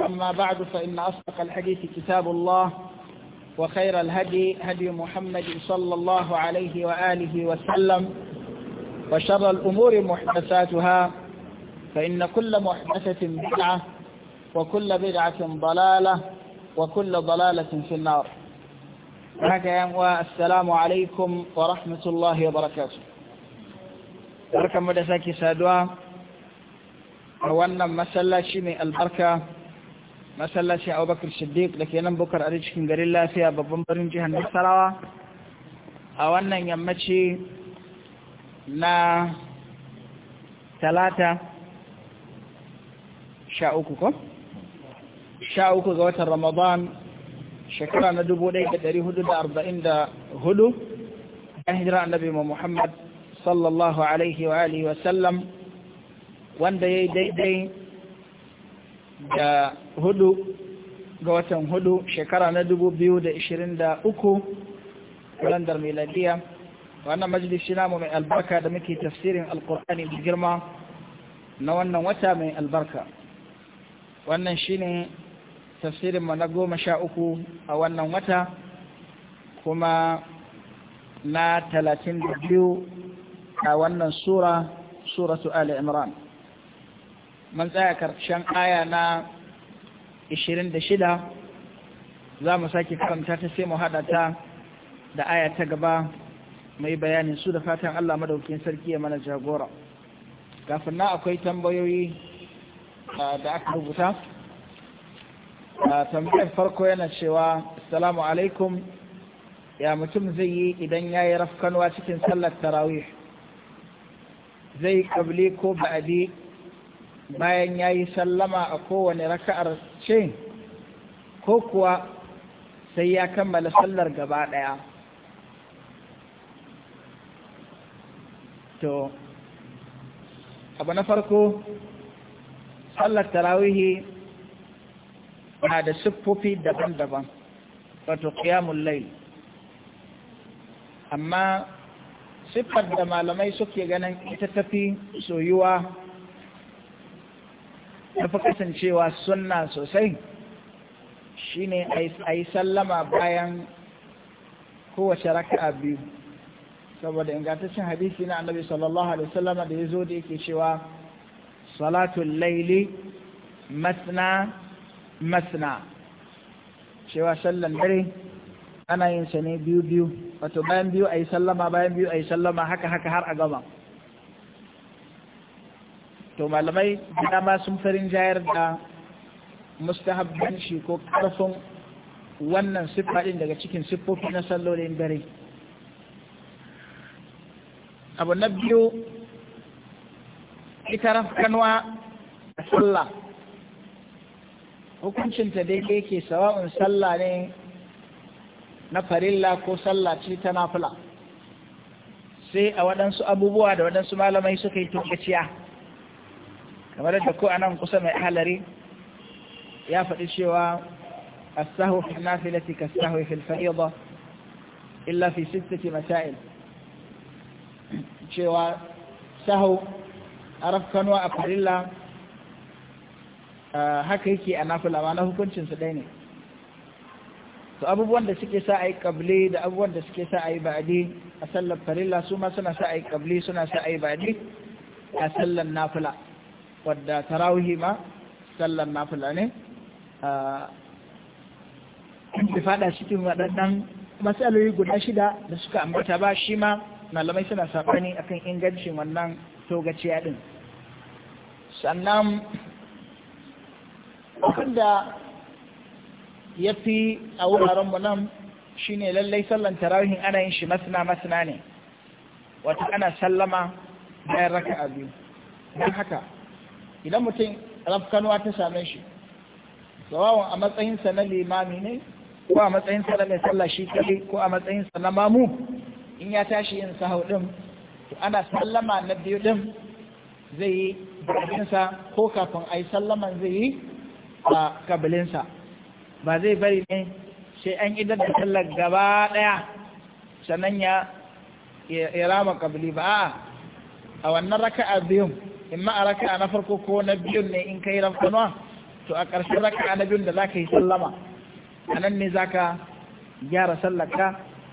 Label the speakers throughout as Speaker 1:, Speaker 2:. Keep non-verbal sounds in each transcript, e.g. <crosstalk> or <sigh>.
Speaker 1: أما بعد فإن أصدق الحديث كتاب الله وخير الهدي هدي محمد صلى الله عليه وآله وسلم وشر الأمور محدثاتها فإن كل محدثة بدعة وكل بدعة ضلالة وكل ضلالة في النار والسلام عليكم ورحمة الله وبركاته بركة مدساكي سادوا وأن مسلا شمي البركة masallaci abubakar shiddiq da ke nan bukar a cikin garin lafiya babban birnin jihar nasarawa a wannan yammaci na talata sha uku ko? sha uku ga watan ramadan shekara na dubu ɗaya da hudu da arba'in da hudu hijira annabi muhammad sallallahu alaihi wa alihi wasallam wanda ya yi daidai da hudu ga watan hudu shekara na dubu biyu da ishirin da uku kalandar miladiya wannan majalisi namu mai albarka da muke tafsirin alkur'ani da girma na wannan wata mai albarka wannan shine tafsirinmu na goma sha uku a wannan wata kuma na talatin da biyu a wannan sura suratu ali imran man tsaya karshen aya na 26 za mu sake karanta ta sai mu haɗa ta da aya ta gaba mai bayani su da fatan Allah madaukin sarki ya mana jagora kafin na akwai tambayoyi da aka rubuta tambayar farko yana cewa assalamu alaikum ya mutum zai yi idan ya yi rafkanwa cikin sallar tarawih zai kabli ko ba'adi bayan ya yi sallama a kowane raka'ar ce ko kuwa sai ya kammala sallar gaba ɗaya to abu na farko sallar tarawihi na da siffofi daban-daban wato ƙiyamun lai amma siffar da malamai suke ganin ita tafi soyuwa na fi kasancewa sunna sosai shine a yi sallama bayan kowace raka'a biyu saboda ingantaccen hadisi na annabi sallallahu alaihi wasallam da ya zo da yake cewa salatul laili masna masna cewa sallan dare ana yin sa ne biyu biyu wato bayan biyu a yi sallama bayan biyu a yi sallama haka haka har a gama to malamai dama sun farin jayar da shi ko karfin wannan siffaɗin daga cikin siffofi na sallolin dare abu na biyu ita rafkanwa a sallah hukuncinta dai ke sawa'un sallah ne na farilla ko sallah ce ta nafula sai a waɗansu abubuwa da waɗansu malamai suka yi tukaciya kamar da ko anan kusa mai halari ya faɗi cewa as-sahwu fi nafilati ka sahu sahwi fi al-fariḍa illa fi sittati masail cewa sahau araf kanwa a farilla haka yake a nafila ma na hukuncin su ne to abubuwan da suke sa a yi ƙabli da abubuwan da suke sa a yi ba'adi a sallar farilla su ma suna sa a yi ƙabli suna sa a yi ba'adi a sallar nafila wadda tarawihi ma sallan nafula ne da fada cikin waɗannan matsaloli guda shida da suka ambata ba shi ma malamai suna saɓani akan ingancin wannan togaciya ɗin sannan da ya fi a wurarenmu nan shine lallai sallan tarawihin ana yin shi masana masana ne wata ana sallama bayan a biyu don haka idan mutum rafkanuwa ta same shi sawawan a matsayinsa na limami ne ko a matsayinsa na mai sallah shi kaɗai ko a matsayinsa na mamu in ya tashi yin sahau ɗin to ana sallama na biyu ɗin zai yi bakinsa ko kafin a yi sallaman zai yi a kabilinsa ba zai bari ne sai an idar da sallar gaba ɗaya sannan ya rama kabili ba a wannan raka'a biyun In ma'araka na farko ko na biyun ne in kai rafkanuwa to a ƙarshen raka na biyun da za ka yi sallama a nan ne za ka gyara sallaka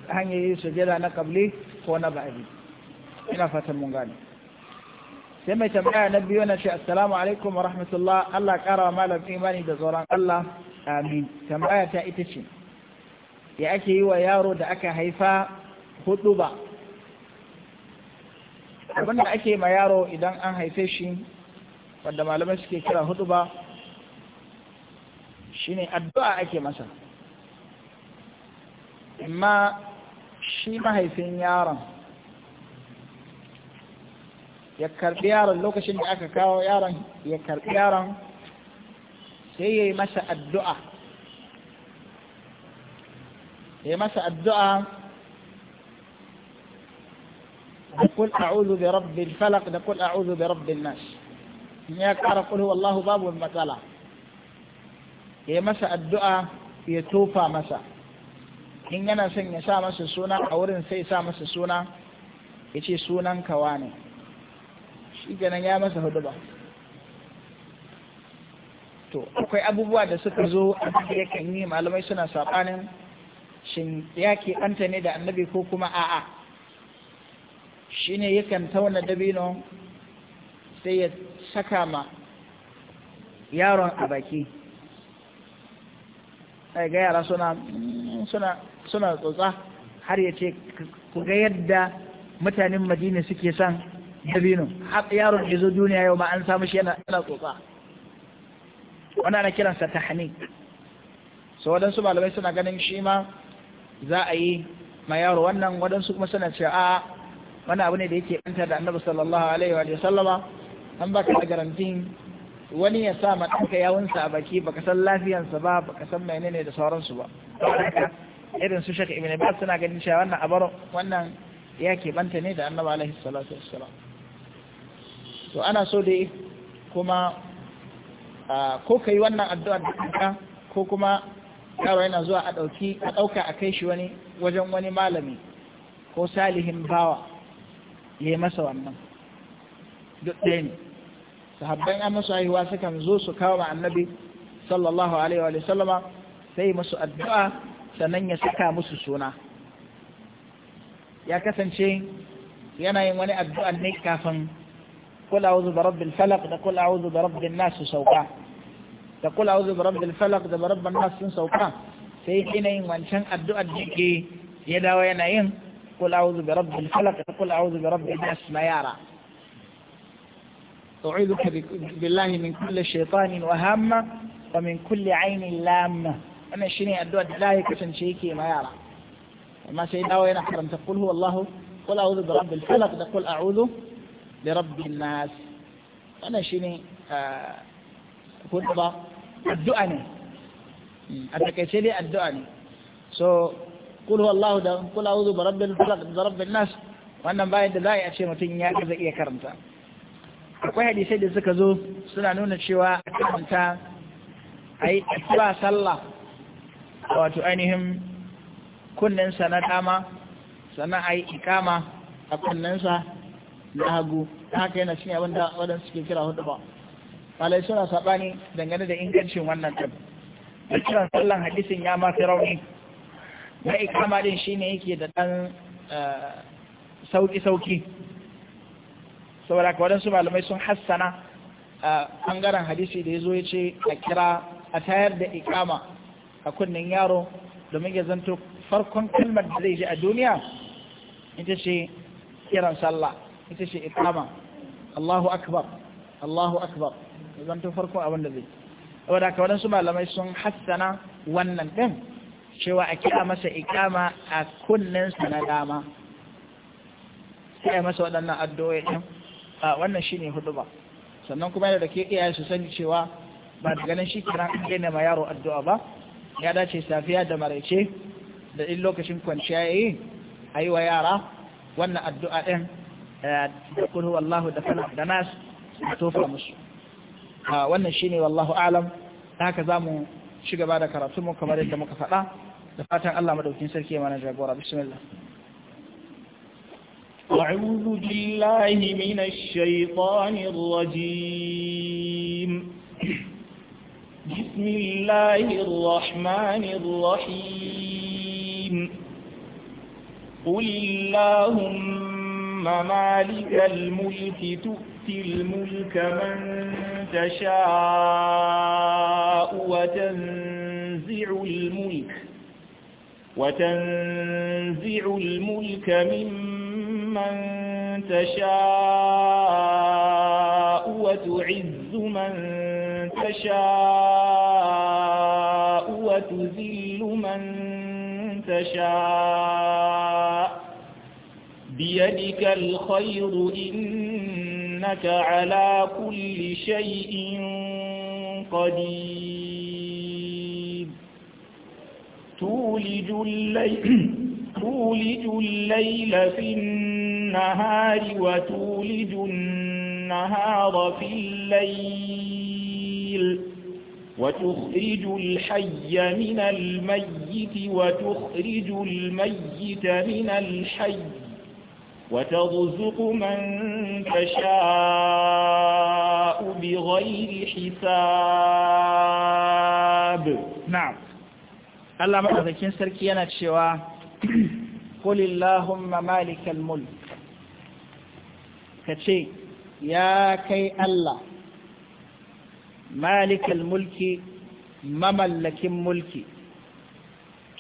Speaker 1: ta hanyar yi sujada na kabli ko na ba'adi ina fatan mun gane sai mai tambaya na biyu na ce assalamu alaikum wa rahmatullah Allah ƙara wa malam imani da tsoron Allah amin tambaya ta ita ce ya ake yi wa yaro da aka haifa hudu ba abin da ake ma yaro idan an haife shi wanda malamai suke kira hudu ba shine addu'a ake masa amma shi mahaifin yaron ya karbi yaron lokacin da aka kawo yaron ya karbi yaron sai ya yi masa addu'a ya yi masa addu'a نقول أعوذ برب الفلق نقول أعوذ برب الناس يا كار قل هو الله باب المثلا يا مسا الدعاء يتوفى مسا in yana son ya sa masa suna a wurin sai sa masa suna ya ce sunan kawa ne shi ganin ya masa hudu ba to akwai abubuwa da suka zo annabi yakan yi malamai suna saɓanin shin ya keɓanta ne da annabi ko kuma a'a ne yakan tauna dabino sai ya saka ma yaron a baki ga yara suna tsotsa har ya ce ku ga yadda mutanen madina suke son dabino har yaron ya zo duniya yau ma an samu shi yana tsotsa wani ana kiransa ta hannu so waɗansu malamai suna ganin shi ma za a yi ma yaro wannan waɗansu kuma suna cewa a wani abu ne da yake ɓanta da annabi sallallahu alaihi wa sallama an baka da garantin wani ya sa ma ɗanka yawunsa a baki baka san lafiyansa ba baka san menene da sauransu ba irin su shaka ibn abbas suna ganin cewa wannan abar wannan ya ke banta ne da annabi alaihi salatu wassalam to ana so dai kuma ko kai wannan addu'a da ko kuma yaro yana zuwa a ɗauki a ɗauka a kai shi wani wajen wani malami ko salihin bawa yi masa wannan duk ɗaya ne sahabban ya masu haihuwa sukan zo su kawo ma annabi sallallahu alaihi wa sallama sai masu addu'a sannan ya saka musu suna ya kasance yana yin wani addu'a ne kafin kula wuzu bi rabbil falaq da kula wuzu bi rabbin nasu sauka da kula wuzu bi rabbil falaq da rabbin nas sun sauka sai yana yin wancan addu'a da ya dawo yana yin تقول أعوذ برب الفلق تقول أعوذ برب الناس ما يرى أعوذك بالله من كل شيطان وهامة ومن كل عين لامة أنا شيني أدوى الله كشن شيكي ما يرى ما سيدا وين أحرم تقول هو الله قل أعوذ برب الفلق تقول أعوذ برب الناس أنا شيني هدبة آه، أدعني أتكيسي لي الدؤني so kul Allah da kul a'udhu bi rabbil falaq da rabbin nas wannan bayan da za a ce mutum ya kaza iya karanta akwai hadisai da suka zo suna nuna cewa a karanta a yi ba sallah wato ainihin kunninsa na dama sannan a ikama a kunninsa na hagu haka yana cin abin da waɗansu suke kira hudu ba malai suna saɓani dangane da ingancin wannan ɗin a kiran sallan hadisin ya mafi rauni na ikama shi ne yake da ɗan sauƙi-sauƙi eh, saboda ka waɗansu malamai sun hassana a eh, ɓangaren hadisi da ya zo ya ce a kira a tayar da ikama a kunnen yaro domin ya zanto farkon kalmar da zai ji a duniya ita ce kiran sallah ita ce ikama Allahu akbar Allahu akbar ya zanto farkon abin da zai saboda ka waɗansu malamai sun hassana wannan ɗin cewa a kira masa ikama a kunnen sa na dama sai a masa waɗannan addu'o'i a wannan shine hudu ba sannan kuma yana da ke iya su sani cewa ba da ganin shi kiran an daina ma yaro addu'a ba ya dace safiya da maraice da in lokacin kwanciya yayi ayi wa yara wannan addu'a din eh, da kulhu wallahu da falak da nas a tofa musu wannan shine wallahu alam haka zamu shiga ba da karatu mu kamar yadda muka faɗa da fatan Allah madaukin sarki mana jagora bismillah
Speaker 2: أعوذ بالله من الشيطان الرجيم بسم الله الرحمن الرحيم قل اللهم مالك الملك تؤتي الملك من تشاء وتنزع الملك وتنزع الملك ممن تشاء وتعز من تشاء وتذل من تشاء بيدك الخير إنك على كل شيء قدير تولج الليل <clears throat> تولج الليل في النهار وتولج النهار في الليل وتخرج الحي من الميت وتخرج الميت من الحي وترزق من تشاء بغير حساب نعم Allah madaukakin sarki yana cewa qul malikal
Speaker 1: mulk kace ya kai Allah malikal mulki mamallakin mulki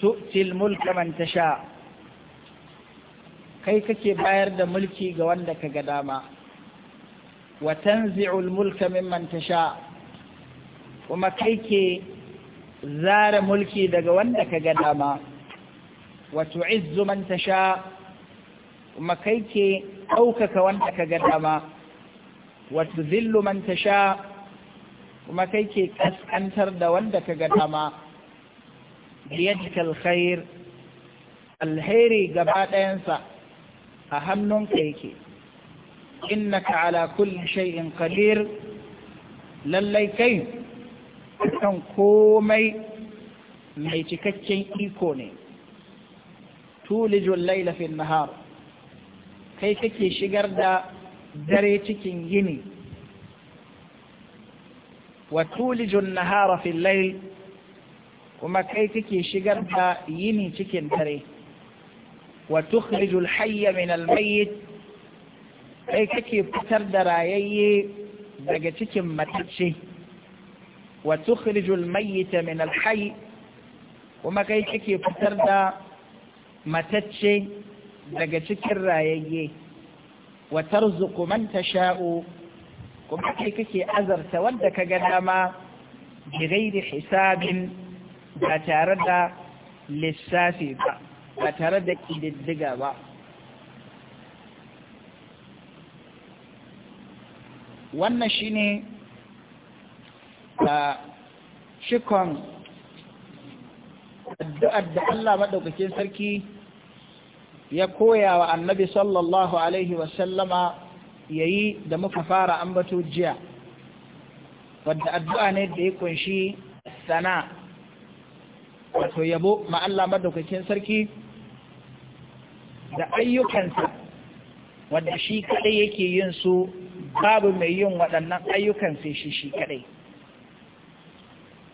Speaker 1: tu'til mulka man tasha kai kake bayar da mulki ga wanda ka ga dama wa tanzi'ul mulka mimman tasha kuma kai ke zara mulki daga wanda ka ga dama wato izu man sha? kuma kai ke ɗaukaka wanda ka ga dama wato zillu man sha? kuma kai ke ƙasƙantar da wanda ka ga dama biyadika alkhair alheri gaba ɗayansa a ke. yake innaka ala kulli shay'in qadir lallai kai kan komai mai cikakken iko ne tulijul laila fil nahar kai kake shigar da dare cikin gini wa tulijul nahara fi layl kuma kai kake shigar da yini cikin dare wa tukhrijul hayya min al mayyit kai kake fitar da rayayye daga cikin matacce wa tukhrijul mayyita min al-hayy kuma kai kake fitar da matacce daga cikin rayayye wa tarzuqu man tasha'u kuma kai kake azarta wanda kaga dama bi ghairi hisabin ba tare da lissafi ba ba tare da kididdiga ba wannan shine da shikon addu'ar da Allah maɗaukakin sarki ya koya wa annabi sallallahu Alaihi wasallama ya yi da muka fara ambato jiya wadda addu'a ne da ya kunshi sana wato yabo ma Allah maɗaukakin sarki da ayyukansa wadda shi kaɗai yake yin su babu mai yin waɗannan ayyukan sai shi shi kaɗai.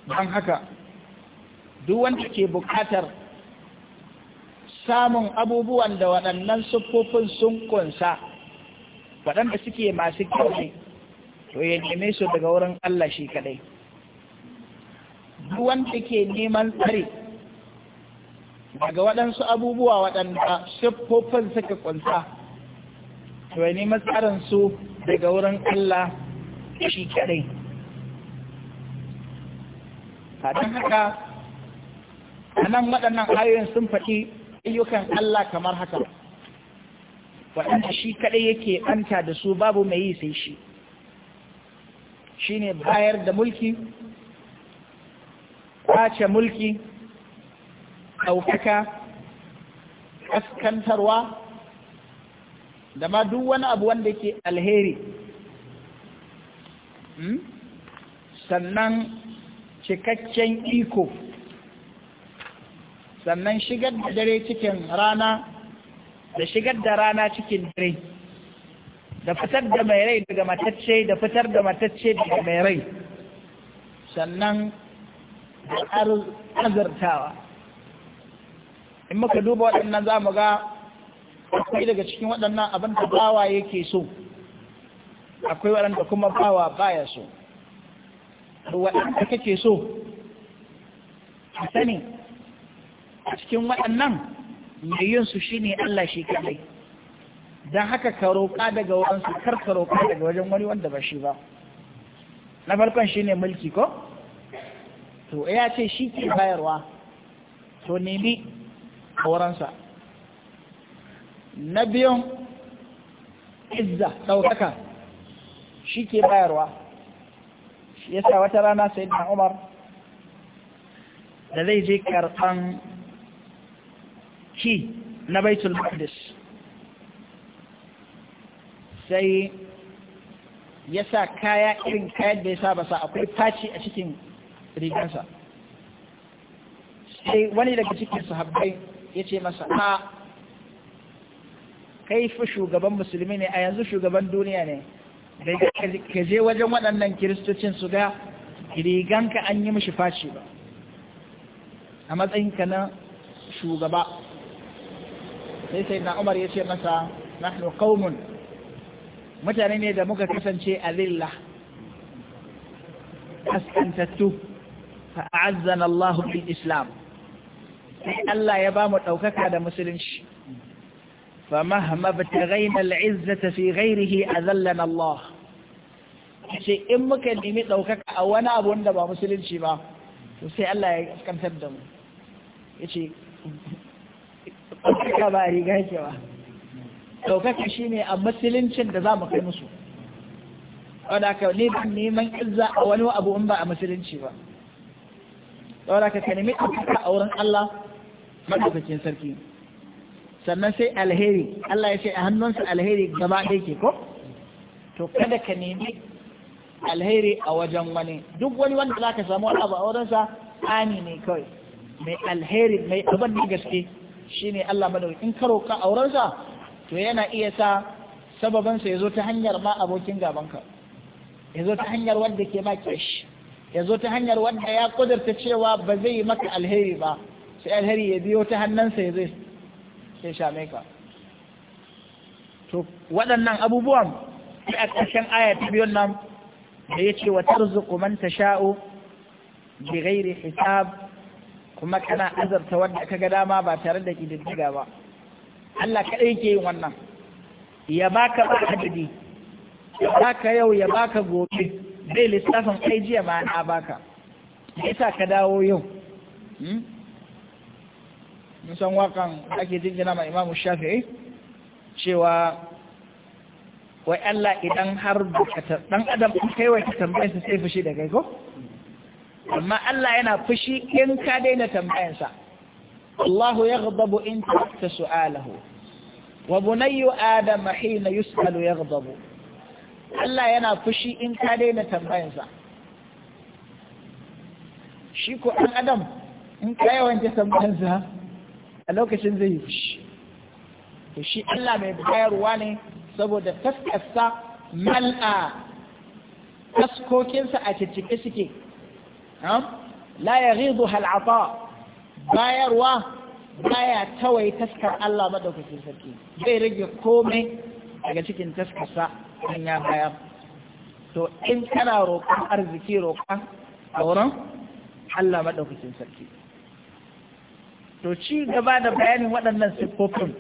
Speaker 1: don haka duk wanda ke bukatar samun abubuwan da waɗannan siffofin sun kunsa waɗanda suke masu kyau ne to ya neme su daga wurin Allah shi kadai duk wanda ke neman tsari daga waɗansu abubuwa waɗanda siffofin suka kunsa to ya nemi su daga wurin Allah shi kadai a haka a nan waɗannan ayoyin sun faɗi ayyukan Allah kamar haka waɗanda shi kaɗai yake ɗanta da su babu mai yi sai shi shi ne bayar da mulki kwace mulki ɗaukaka ƙaskantarwa da ma duk wani abu wanda ke alheri hmm? sannan cikakken iko sannan shigar da dare cikin rana da shigar da rana cikin dare da fitar da mai rai daga matacce da fitar da matacce daga mai rai sannan da azartawa in muka duba waɗannan za mu ga akwai daga cikin waɗannan abin da bawa yake so akwai waɗanda kuma bawa baya so waɗanda kake so a sani a cikin waɗannan mai yin su shine Allah shi kadai don haka ka roƙa daga waɗansu kar roƙa daga wajen wani wanda ba shi ba na farkon shine mulki ko to ya ce shi ke bayarwa to nemi wurinsa na biyun izza ɗaukaka shi ke bayarwa yasa wata rana sayyidina Umar da zai je karɓan ki na baitul maqdis sai yasa kaya irin kayan da ya saba sa akwai faci a cikin rigansa sai wani daga cikin sahabbai ya ce masa a kai fi shugaban musulmi ne a yanzu shugaban duniya ne ka je wajen waɗannan kiristocin su ga riganka an yi fashi ba a matsayinka na shugaba sai sai na umar ya ce masa nahnu kaumun. mutane ne da muka kasance a lillah kaskantattu fa'azzana Allah bil islam sai Allah ya ba mu ɗaukaka da musulunci فمهما ابتغينا العزة في غيره أذلنا الله ce in muka nemi ɗaukaka a wani abu wanda ba musulunci ba to sai Allah ya kantar da mu ya ce ɗaukaka ba riga ke ba ɗaukaka shi ne a musuluncin da za mu kai musu wadda ka ne ban neman izza a wani abu in ba a musulunci ba wadda ka nemi ɗaukaka a wurin Allah maɗaukakin sarki sannan sai alheri Allah ya ce a hannunsa alheri gaba ɗaya ke ko to kada ka nemi alheri a wajen wani duk wani wanda za ka samu abu a wajensa ani ne kawai mai alheri mai abin da gaske shi ne Allah madawi in ka a wurinsa to yana iya sa sababansa ya zo ta hanyar ma abokin gabanka ya zo ta hanyar wanda ke ma kyashi ya zo ta hanyar wanda ya kudurta cewa ba zai yi maka alheri ba sai alheri ya biyo ta hannunsa ya zai sai shame ka to waɗannan abubuwan a ƙarshen aya ta biyon nan da ya ce wa tarzuku man sha’o bi gairi hisab kuma kana azarta wanda ka ga dama ba tare da ƙididdiga ba Allah kaɗai ke yin wannan ya baka ba hadidi ya baka yau ya baka gobe bai lissafin kai jiya ma na baka me sa ka dawo yau hmm? mun san wakan ake jinjina ma imamu shafi'i cewa wai Allah idan har ɗan adam in kai wai ta sa sai fushi da kai ko amma Allah yana fushi in ka daina tambayar Allahu Allah yaghdabu in ta su'alahu wa bunayyu adam hina yus'alu yaghdabu Allah yana fushi in ka daina tambayar shi ko ɗan adam in ka yawance tambayar sa a lokacin zai yi fushi to shi Allah mai bayarwa ne saboda taskarsa mal'a taskokinsa a cicike suke la ya rizu hal'ata bayarwa baya tawai taskar Allah madaukakin sarki zai rage komai daga cikin taskarsa an ya bayar to in kana roƙon arziki roƙon sauran Allah madaukakin sarki to ci gaba da bayanin waɗannan siffofin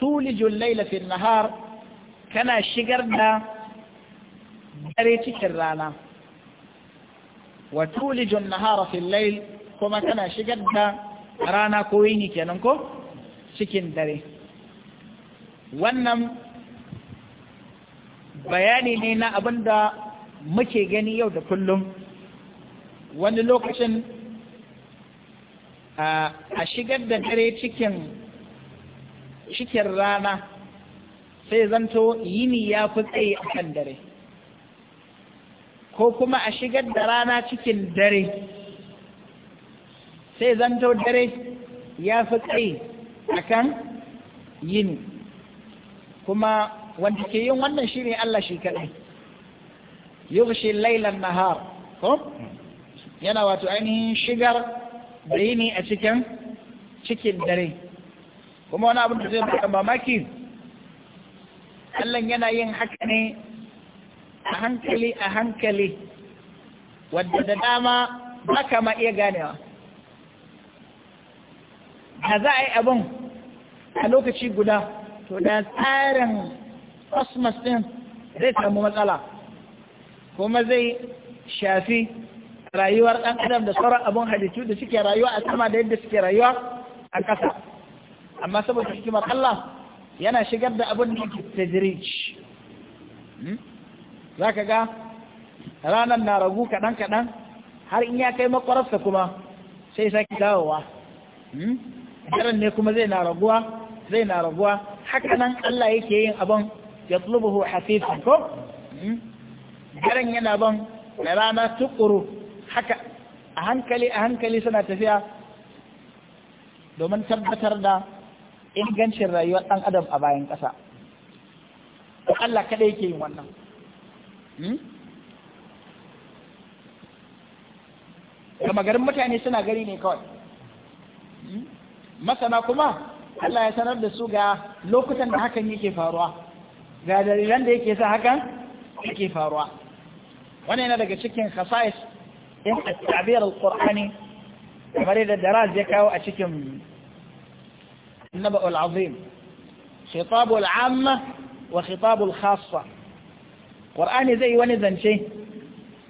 Speaker 1: tulijin laylafin nahar tana shigar da dare cikin rana wa tulijin nahara fil lail kuma kana shigar da rana ko yini kenan ko cikin dare wannan bayani ne na abin da muke gani yau da kullum wani lokacin a shigar da dare cikin Cikin rana sai zanto yini ya fi tsaye a kan dare ko kuma a shigar da rana cikin dare sai zanto dare ya fi tsaye a kan yini kuma wanda ke yin wannan shi ne Allah shi kaɗai yughshi lailan nahar ko yana wato ainihin shigar da yini a cikin cikin dare kuma wani abin da zai baka mamaki Allah yana yin haka ne a hankali a hankali wadda da dama baka ma iya ganewa da za a yi abin a lokaci guda to da tsarin cosmos din zai samu matsala kuma zai shafi rayuwar ɗan adam da sauran abin halittu da suke rayuwa a sama da yadda suke rayuwa a ƙasa amma saboda hikimar Allah yana shigar da abun da yake hmm? za zaka ga ranar na ragu kaɗan kaɗan har in ya kai makwararsa kuma sai sake dawowa hmm? daren ne kuma zai na raguwa zai na raguwa haka nan Allah yake yin abin ya tsulubuhu hafifin ko hmm? daren yana ban da rana tukuru haka a hankali a hankali suna tafiya domin tabbatar da ingancin rayuwar ɗan adam a bayan ƙasa Allah kaɗai ke yin wannan hmm? gama garin mutane suna gari ne kawai hmm? masana kuma Allah ya sanar da su ga lokutan da hakan yake faruwa ga dalilan da yake sa hakan yake faruwa wannan yana daga cikin khasa'is in a tabiyar al kamar da daraz ya kawo a cikin النبأ العظيم خطاب العامة وخطاب الخاصة قرآن زي wani zance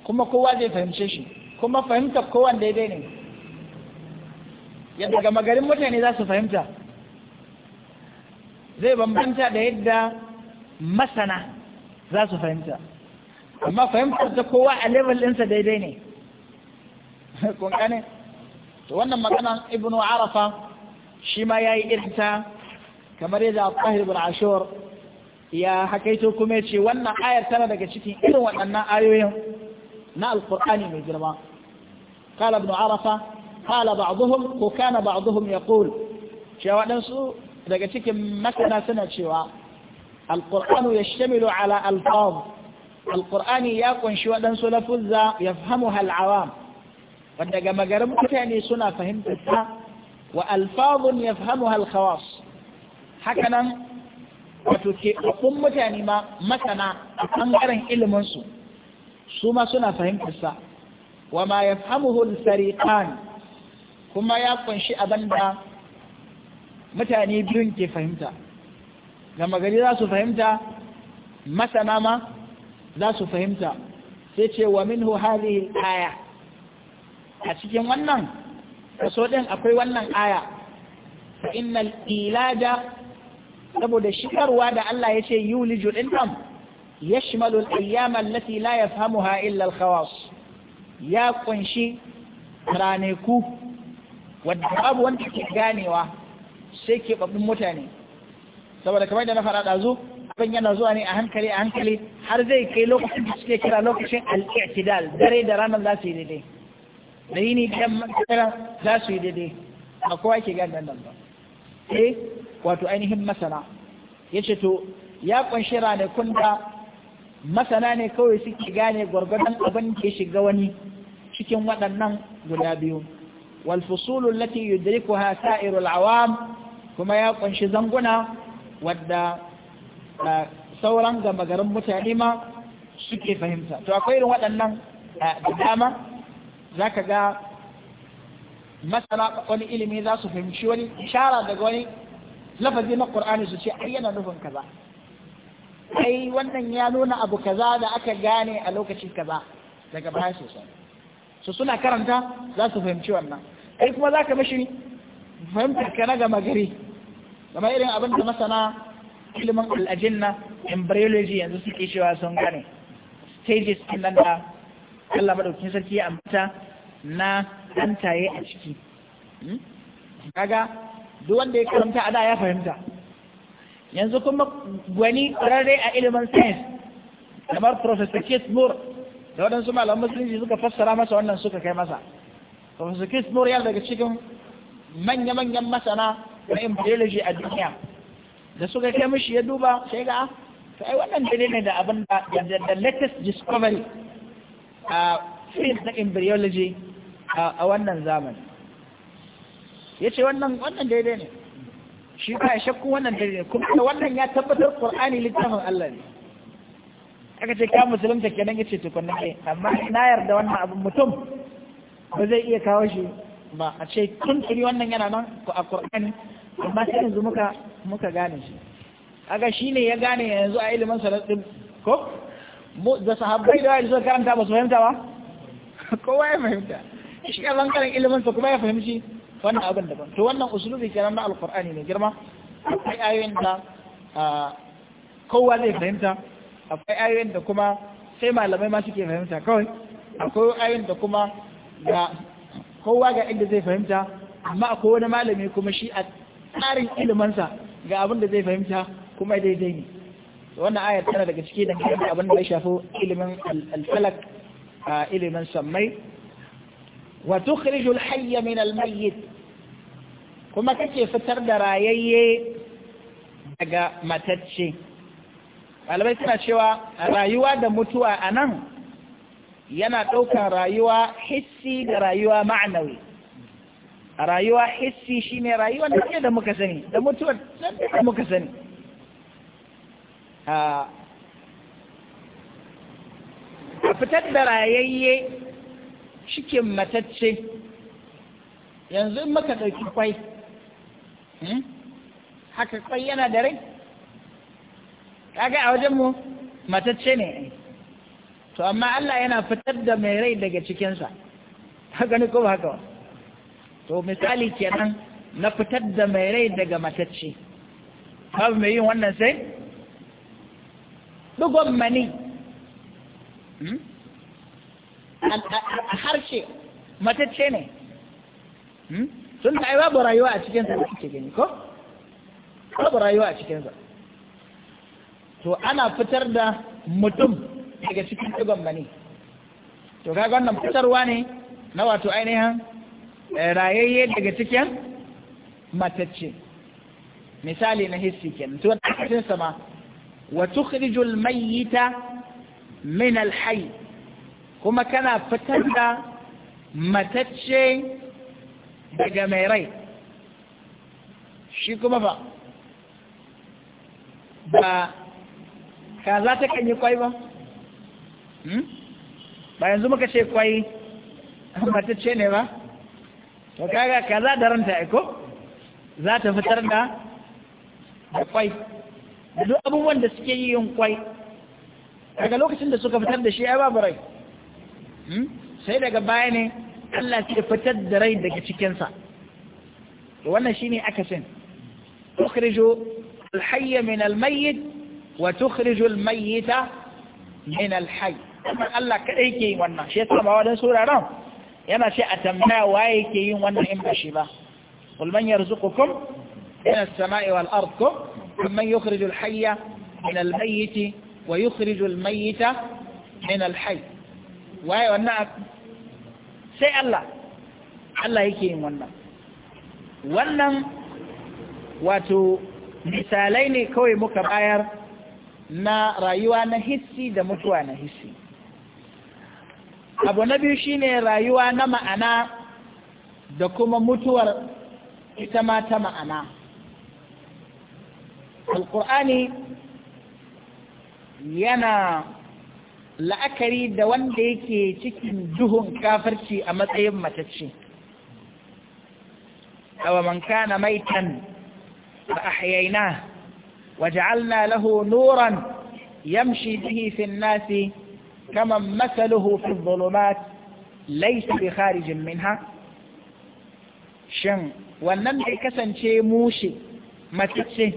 Speaker 1: kuma kowa zai fahimce shi kuma fahimtar kowan daidai ne yadda gama garin mutane za su fahimta zai bambanta da yadda masana za su fahimta amma fahimtar ta a level ɗinsa daidai ne kun gane to wannan ibnu arafa shi ma ya yi irinta kamar yadda al-tahir bin ashur ya hakaito kuma ya ce wannan ayar tana daga cikin irin waɗannan ayoyin na alkur'ani mai girma قال ابن عرفة قال بعضهم وكان بعضهم يقول cewa ɗansu daga cikin masana suna cewa alƙur'anu ya shamilu ala alfawar alƙur'ani ya ƙunshi waɗansu lafuzza ya fahimu hal'awam wanda gama garin mutane suna fahimtar ta wa alfazun yafhamuha al-khawas hakanan wato ke mutane ma masana a ɓangaren ilimin su ma suna fahimtar sa wa ma yafhamuhu al-sariqan kuma ya kunshi da mutane biyun ke fahimta gama gari za su fahimta masana ma za su fahimta sai ce wa minhu hadhihi aya a cikin wannan kaso ɗin akwai wannan aya fa innal ilaja saboda shigarwa da Allah ya ce yuliju ɗin kam yashmalu al mallaki allati la yafhamuha illa al-khawas ya kunshi raneku wadda babu wanda ke ganewa sai ke babbin mutane saboda kamar da na faɗa ɗazu abin yana zuwa ne a hankali a hankali har zai kai lokacin da suke kira lokacin al-i'tidal dare da ranar za su yi da yini ni yamma za su yi daidai a kowa ke gane nan ba eh wato ainihin masana ya ce to ya ƙunshi ranakun da masana ne kawai suke gane gwargwadon abin da ke shiga wani cikin waɗannan guda biyu wal fusulul lati yudrikuha sa'irul awam kuma ya ƙunshi zanguna wadda sauran gama garin mutane ma suke fahimta to akwai irin waɗannan da dama za ka ga masana wani ilimi za su fahimci wani ishara daga wani lafazi na ƙur'ani su ce ai yana nufin kaza ai wannan ya nuna abu kaza da aka gane a lokacin kaza daga baya sosai su suna karanta za su fahimci wannan ai kuma za ka mashi fahimta ka na gama gari kamar irin abin da masana ilimin al'ajinna embryology yanzu suke cewa sun gane stages ɗin nan da Allah madaukakin sarki ya ambata na hantaye a ciki hmm? kaga duk wanda ya karanta a da ya fahimta yanzu kuma gwani rarre a ilimin science kamar professor Keith Moore da waɗansu malaman musulunci suka fassara masa wannan suka kai masa professor Keith Moore yana daga cikin manya-manyan masana na embryology a duniya da suka kai mishi ya duba sai ga ah, ai wannan dalilin da abin da latest discovery a field na embryology a wannan zamani ya ce wannan daidai ne shi ba ya shakku wannan daidai ne kuma wannan ya tabbatar ƙur'ani littafin Allah ne aka ce ka musulunta kenan ya ce tukunan ke amma na yarda wannan abin mutum ba zai iya kawo shi ba a ce tun turi wannan yana nan a ƙur'ani amma sai yanzu muka gane shi aga shi ne ya gane yanzu a ilimin ɗin ko da sahabbai da wani suka karanta ba su fahimta ba <laughs> kowa ya fahimta shi ka karin ilimin sa kuma ya fahimci wannan abin ban. to wannan usulubi kenan na alqur'ani mai girma akwai ayoyin da kowa zai fahimta akwai ayoyin da kuma sai malamai ma suke fahimta kawai akwai ayoyin da kuma ga kowa ga inda zai fahimta amma akwai wani malami kuma shi a tsarin ilimansa ga abin da zai fahimta kuma daidai ne wannan ayar tana daga ciki da abin da ya shafi ilimin alfalak a ilimin sammai wa tukhrijul hayya min mayyit kuma kake fitar da rayayye daga matacce malamai suna cewa rayuwa da mutuwa anan yana ɗaukar rayuwa hissi da rayuwa ma'anawi rayuwa hissi shine rayuwa da da muka sani da mutuwa da muka sani a fitar da rayayye cikin matacce yanzu in maka ɗauki kwai hmm? haka kwai yana da rai kaga a wajenmu matacce ne to amma Allah yana fitar da mai rai daga cikinsa haka ne ko ba haka to misali kenan na fitar da mai rai daga matacce babu mai yin wannan sai ɗigon mani hmm? a harshe matacce ne hmm? sun ta aiwa ba rayuwa a cikinsa da suke gani ko? babu rayuwa a cikinsa to ana fitar da mutum daga cikin ɗigon mani to kaga wannan fitarwa ne na wato ainihin eh, rayayye daga cikin matacce misali na hissi kenan to wannan cikin sama wa tukhrijul mayyita min alhayy kuma kana fitar da matacce daga mai rai shi kuma ba ba ka za ta kanyi kwai ba ba yanzu muka ce kwai matacce ne ba to kaza da ranta ko za ta fitar da kwai da duk abubuwan da suke yi yin kwai daga lokacin da suka fitar da shi ya babu rai hmm? sai daga baya ne Allah ke fitar da rai daga cikinsa wannan shi ne akasin tukrijo alhayya min almayyit wa tukrijo almayyita min alhay kamar Allah kaɗai ke yin wannan shi ya saba wadan yana ce a tambaya waye ke yin wannan in ba shi ba قل من يرزقكم من السماء والأرض ممن يخرج الحي من الميت ويخرج الميت من الحي waye wannan sai Allah Allah yake yin wannan wannan wato misalai ne kawai muka bayar na rayuwa na da mutuwa na abu na biyu shine rayuwa na ma'ana da kuma mutuwar ita ma ta ma'ana في القرآن ينا لأكري دوان ديكي تكين جهن كافرشي أمطيب ما تتشي أو من كان ميتا فأحييناه وجعلنا له نورا يمشي به في الناس كما مثله في الظلمات ليس بخارج منها شن كسن شي موشي ما تتشي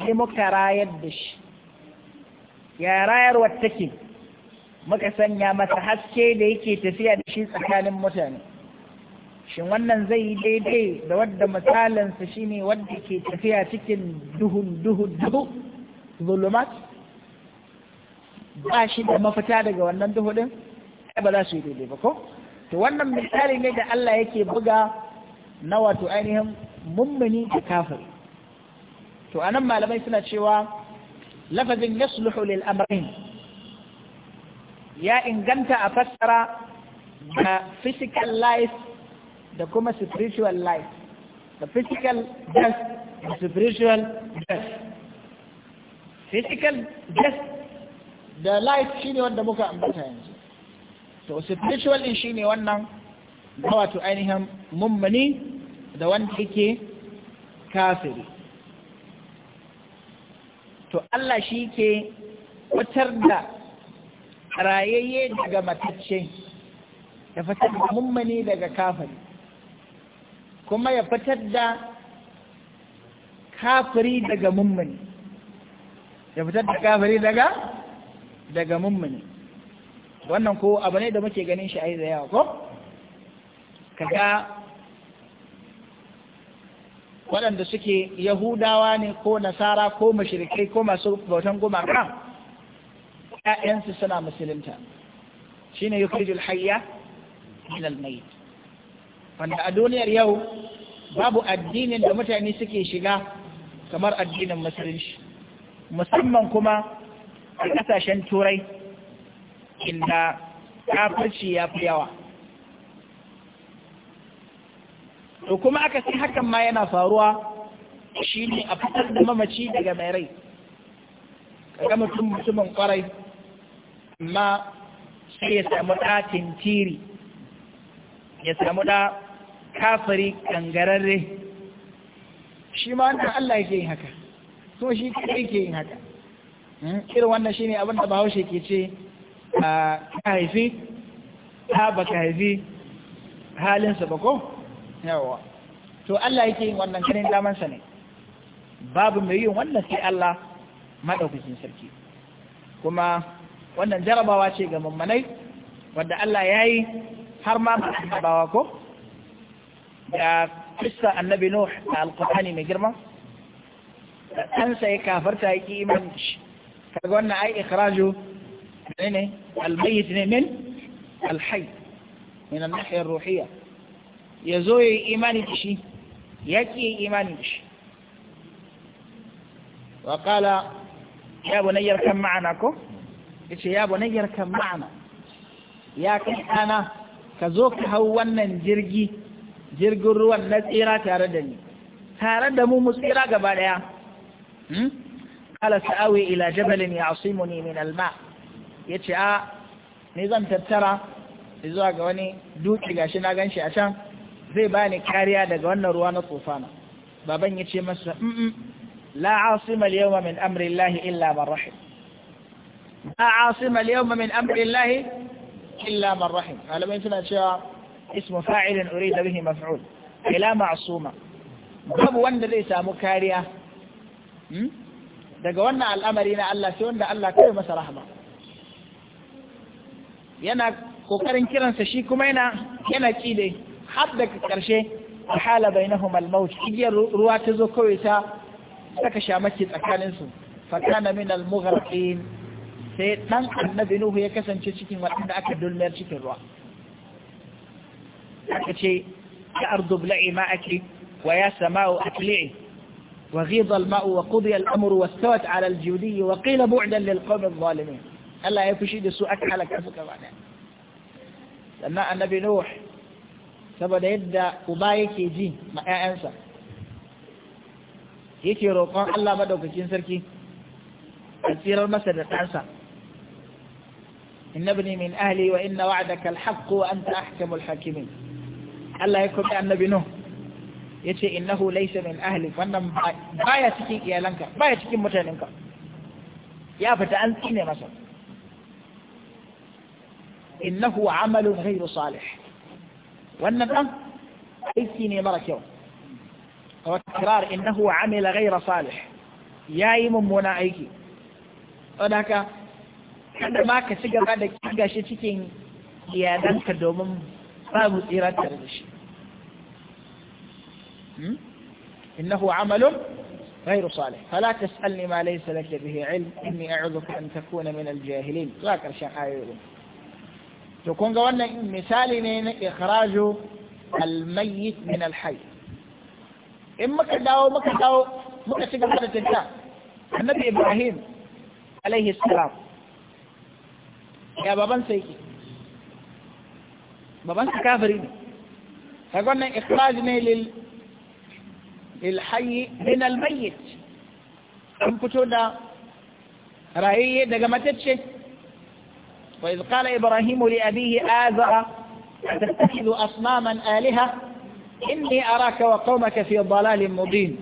Speaker 1: sai muka rayar da shi ya rayarwar take muka sanya masa haske da yake tafiya da shi tsakanin mutane shin wannan zai yi daidai da wadda misalinsa ne wadda ke tafiya cikin duhun duhu duhu zulumat ba shi da mafita daga wannan duhu din ba za su yi daidai ba ko to wannan misali ne da Allah yake buga na wato ainihin mummuni da kafiri to anan malamai suna cewa lafazin yasluhu lil amrayn ya inganta a fassara da physical life da kuma spiritual life da physical death da spiritual death physical death da life shine wanda muka ambata yanzu to spiritual din shine wannan wato ainihin mummuni da wanda yake kafiri to Allah shi ke fitar da rayayye daga matacce ya fitar da mummani daga kafari kuma ya fitar da kafiri daga mummani ya fitar da kafiri daga daga mummani wannan ko abu ne da muke ganin shi a yi da ko, ko kaga waɗanda suke yahudawa ne ko nasara ko mashirikai ko masu bautan gumaka ‘ya'yansu suna musulunta shi ne yukurjul hayya min almayit wanda a duniyar yau babu addinin da mutane suke shiga kamar addinin musulunci musamman kuma a ƙasashen turai inda kafirci ya fi yawa to kuma aka sai hakan ma yana faruwa shi ne a fitar da mamaci daga mai rai gama mutum mutumin kwarai amma sai ya samu ɗa tintiri ya samu ɗa kafari kangararre shi ma wannan Allah yake yin haka so shi kai ke yin haka hmm, irin wannan shi ne abin da bahaushe ke ce a ah, ka haifi ta baka haifi halinsa ba ko yawa to Allah yake yin wannan kanin damansa ne babu mai yin wannan sai Allah madaukakin sarki kuma wannan jarabawa ce ga mummanai wadda Allah ya yi har ma jarabawa ko da kista annabi Nuh a alkur'ani mai girma ɗansa ya kafarta ya ki iman shi kaga wannan ai ikiraju ne ne almayyit ne min alhayy min an-nahiyar ruhiyya ya zo ya yi imani da shi ya ƙi yi imani da shi wa ƙala ya na kan ma'ana ko? ya ce ya na kan ma'ana ya kai ana ka zo ka hau wannan jirgi jirgin ruwan na tsira tare da ni tare da mu mu tsira gaba ɗaya hmm? ƙala sa'awi ila jabalin ya ne min alma ya ce a ni zan tattara zuwa ga wani dutse gashi na gan shi a can zai bani kariya daga wannan ruwa na tsofana baban ya ce masa la asima al-yawma min amri Allah illa man rahim la asima al-yawma min amri Allah illa man rahim malamai suna cewa ismu fa'ilin da bihi maf'ul
Speaker 2: ila ma'suma
Speaker 1: babu wanda zai samu kariya hmm, daga wannan al'amari na Allah sai wanda Allah kai masa rahama yana kokarin kiransa shi kuma yana yana kide har daga ƙarshe a hala bai na humal mawuci igiyar ruwa ta zo kawai ta saka shamaki tsakaninsu fakana min al-mugharqin sai dan annabi nuhu ya kasance cikin waɗanda aka dulmiyar cikin ruwa aka ce ya ardu bla'i ma'aki wa ya sama'u akli'i wa ghidha al-ma'u wa qudiya al-amru wastawat 'ala al-judi wa qila bu'dan lil qawmi adh-dhalimin Allah ya fushi da su aka halaka su gaba ɗaya sannan annabi nuhu saboda yadda uba yake ji ma 'ya'yansa yake roƙon Allah madaukakin sarki a tsirar masa da ɗansa inna bini min ahli wa inna wa'adaka alhaqqu an anta ahkamul hakimin Allah ya kuma annabi nuh yace innahu laysa min ahli wannan baya cikin iyalanka baya cikin mutanenka ya fita an tsine masa innahu amalun ghayru salih والنبأ أيسيني مركو وكرار إنه عمل غير صالح يايم منعيك هناك عندما كسجل قد كنت شتكين يا دنك دومم فابو إيران تردشي إنه عمل غير صالح فلا تسألني ما ليس لك به علم إني أعوذك أن تكون من الجاهلين لا كرشان آيولين to kun ga wannan misali ne na ikhraju almayyit min alhayy in muka dawo muka dawo muka ci gaba da tafiya annabi ibrahim alaihi salam ya baban sai ki baban sa kafiri ne kaga wannan ikhraj ne lil lil hayy min almayyit an fito da rayayye daga matacce وإذ قال إبراهيم لأبيه آذر تتخذ أصناما آلهة إني أراك وقومك في ضلال مبين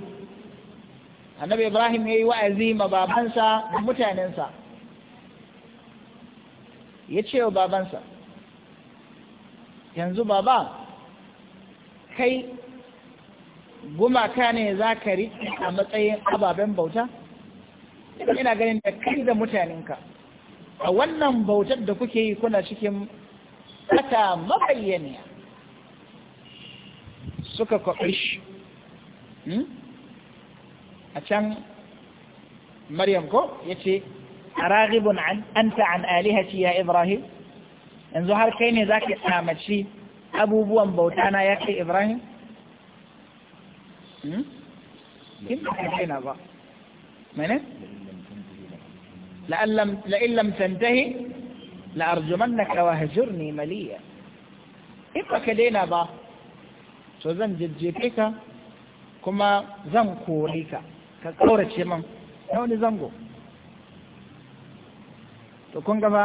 Speaker 1: النبي إبراهيم يي وأزيم بابنسا متاننسا يتشي بابنسا yanzu baba kai gumaka ne za ka riƙe a matsayin ababen bauta ina ganin da kai da mutanenka a wannan bautar da kuke yi kuna cikin kata mabayyaniya suka kwaɓish hmm? a can maryam ko ya ce a ragibin an ta'an alihaci ya ibrahim yanzu har kai ne za ka samaci abubuwan bauta na ya kai ibrahim? Hmm?
Speaker 3: kin ba ka
Speaker 1: ba لأن لم لئن لم تنتهي لأرجمنك وهجرني مليا إبقى كدينا با سوزن جدجيكيكا كما زنكوريكا كالكورة شمان نوني زنكو تكون كفا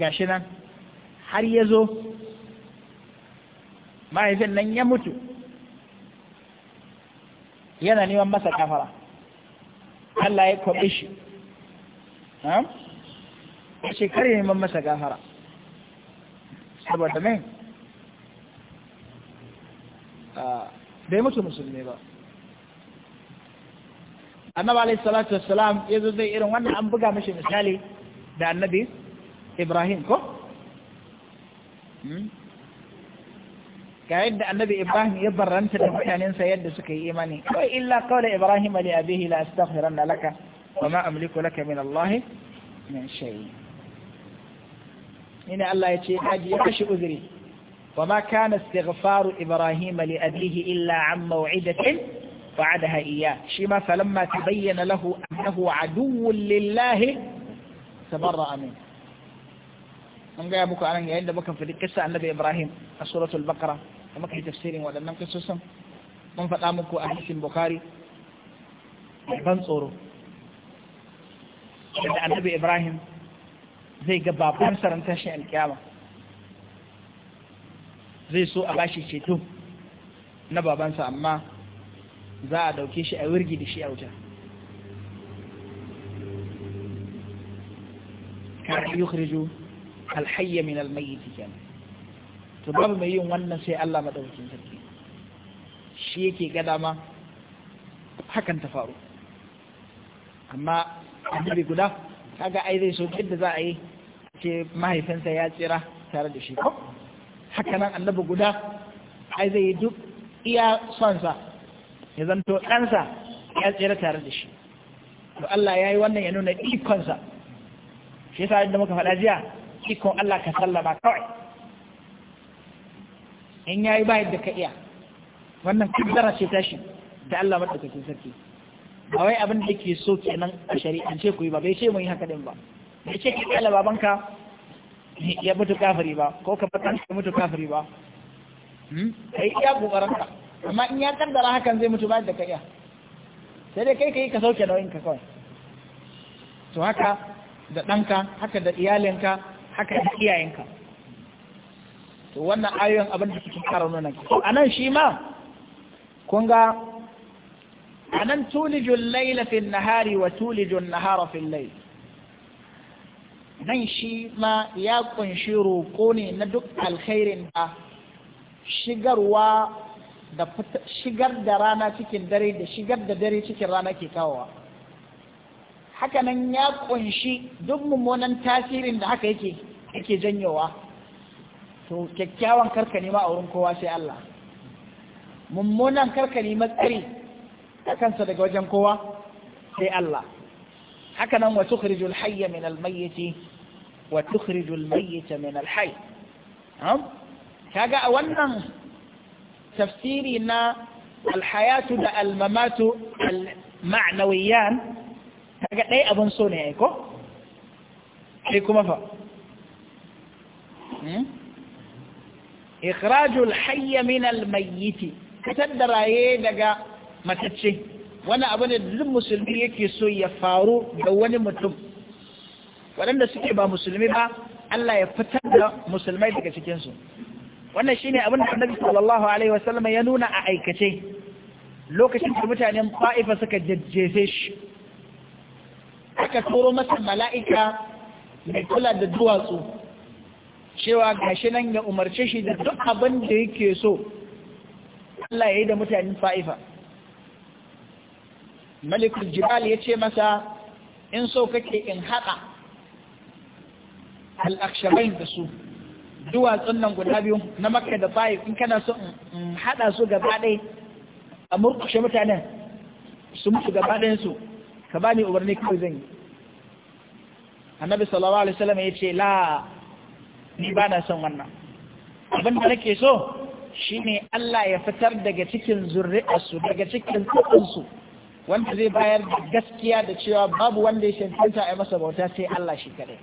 Speaker 1: جاشنا حريزو ما يفن لن يموتو yana neman masa kafara Allah ya kwabe shi na'am ce kare neman masa gafara saboda mai ah, bai mutu musulmi ba annabi alayhi salatu wassalam ya zo zai irin wannan an buga mashi misali da annabi ibrahim ko hmm? ga yadda annabi ibrahim ya barranta da mutanensa yadda suka yi imani kawai illa kawai ibrahim ali abihi la astaghfiranna laka وما أملك لك من الله من شيء ya الله يتي حاجي يكشي أذري وما كان استغفار إبراهيم لأبيه إلا عن موعدة وعدها إياه شما فلما تبين له أنه عدو لله تبرأ منه an gaya muku anan yayin da muka faɗi kissa annabi Ibrahim a suratul Baqara da muka yi tafsirin waɗannan kissosin mun faɗa muku a hadisin Bukhari ban tsoro yadda annabi ibrahim zai ga babansa sarantar shi alkiyama zai so a bashi ceto na babansa amma za a dauke shi a wirgi da shi a wuta kan yukhriju alhayya min almayyit
Speaker 2: to babu mai yin
Speaker 1: wannan sai Allah madaukakin sarki shi yake ga dama hakan ta faru amma annabi guda kaga ai zai so yadda za a yi ce mahaifinsa ya tsira tare da shi
Speaker 2: haka nan annabi
Speaker 1: guda ai zai yi duk iya sonsa ya zanto ɗansa ya tsira tare da shi to Allah ya yi wannan ya nuna ikonsa shi yasa da muka faɗa jiya ikon Allah ka sallama kawai in yayi ba yadda ka iya wannan kaddara ce tashi da Allah madaukakin sarki ba wai abin da yake so kenan a shari'ance ku yi ba bai ce mu yi haka din ba bai ce ki kala babanka ya mutu kafiri ba ko ka fata ka mutu kafiri ba hmm? kai iya kokarin ka amma in ya kaddara hakan zai mutu ba da ka iya sai dai kai kai ka sauke da ka kawai to haka da ɗanka haka da iyalinka haka da iyayenka to wannan ayoyin abin da suke kara nuna a nan shi ma kun ga anan tulijul laila fil nahari wa tulijul nahara fil layl nan shi ma ya kunshi roƙo ne na duk alkhairin da shigarwa da shigar da rana cikin dare da shigar da dare cikin rana ke kawowa hakanan ya kunshi duk mummunan tasirin da haka yake yake janyowa to kyakkyawan karka ma a wurin kowa sai Allah mummunan karka nema tsari da kansa daga wajen kowa sai Allah haka nan wa tukhrijul hayya min al mayyiti wa tukhrijul mayyita min al hayy kaga a wannan tafsiri na alhayatu da almamatu al-ma'nawiyan kaga dai abun so ne ai ko sai kuma fa ikhrajul hayy min al-mayyit fitar da raye daga matacce wani abu ne duk musulmi yake so ya faru da wani mutum waɗanda suke ba musulmi ba Allah ya fitar da musulmai daga cikinsu wannan shine abin da annabi sallallahu alaihi wasallam ya nuna a aikace lokacin da mutanen fa'ifa suka jajjefe shi aka turo masa mala'ika mai kula da duwatsu cewa gashi nan ya umarce shi da duk abin da yake so Allah ya yi da mutanen fa'ifa malikul jibal ya ce masa in so kake in haɗa al'akshabain da su duwatsun nan guda biyu na makka da bayi in kana so in haɗa su gaba ɗaya a murkushe mutanen su mutu gaba ɗayansu ka ba ni umarni kawai zan yi annabi sallallahu alaihi wasallam ya ce la ni ba na son wannan abin da nake so shine Allah ya fitar daga cikin zuri'arsu daga cikin tsatsansu wanda zai bayar gaskiya da cewa babu wanda ya cancanta a masa bauta sai Allah shi kaɗai